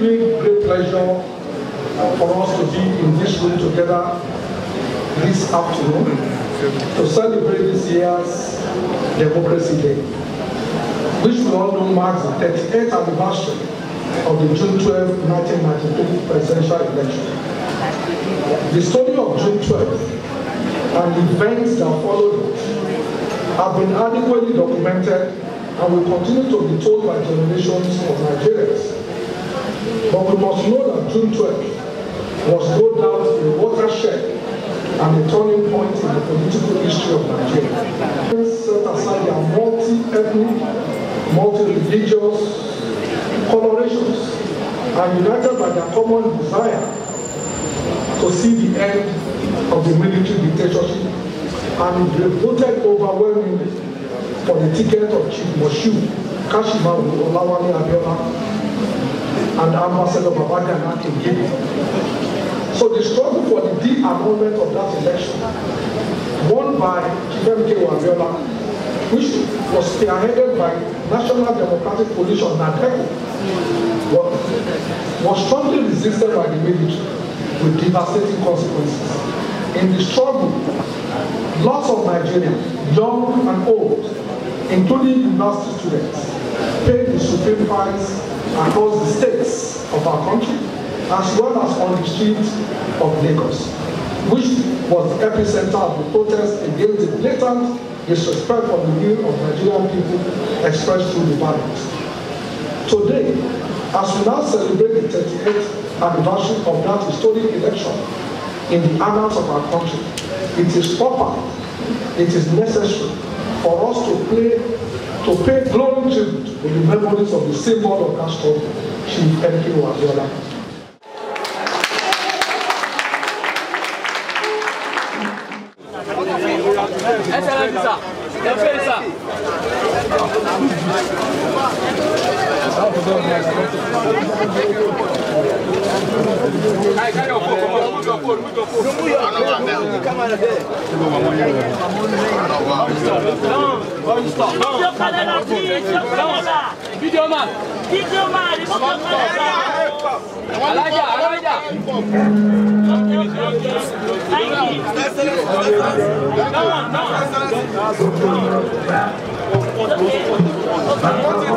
giving great pleasure for us to be in this room together this afternoon to celebrate this year's Democracy Day, which we all know marks the 38th anniversary of the June 12, 1993 presidential election. The story of June 12 and the events that followed it have been adequately documented and will continue to be told by generations of Nigerians But we must know that June 12 was no doubt a watershed and a turning point in the political history of Nigeria. Set aside their multi-ethnic, multi-religious colorations and united by their common desire to see the end of the military dictatorship and they voted overwhelmingly for the ticket of Chief Moshu Kashimaru Olawale Abiola and Ambassador Babagana again. So the struggle for the de-annulment of that election, won by Kifemke Wabiola, which was spearheaded by National Democratic Coalition, NADECO, was, was strongly resisted by the military with devastating consequences. In the struggle, lots of Nigerians, young and old, including university students, pay the supreme price across the states of our country, as well as on the streets of Lagos, which was the epicenter of the protest against the blatant disrespect of the will of Nigerian people expressed through the ballot. Today, as we now celebrate the 38th anniversary of that historic election in the annals of our country, it is proper, it is necessary for us to play to pay glory tribute with the memories of the same God of that She Chief M.K. Waziola. Excellency, sir. Excellency, sir. Thank you. Videoman. Videoman, il faut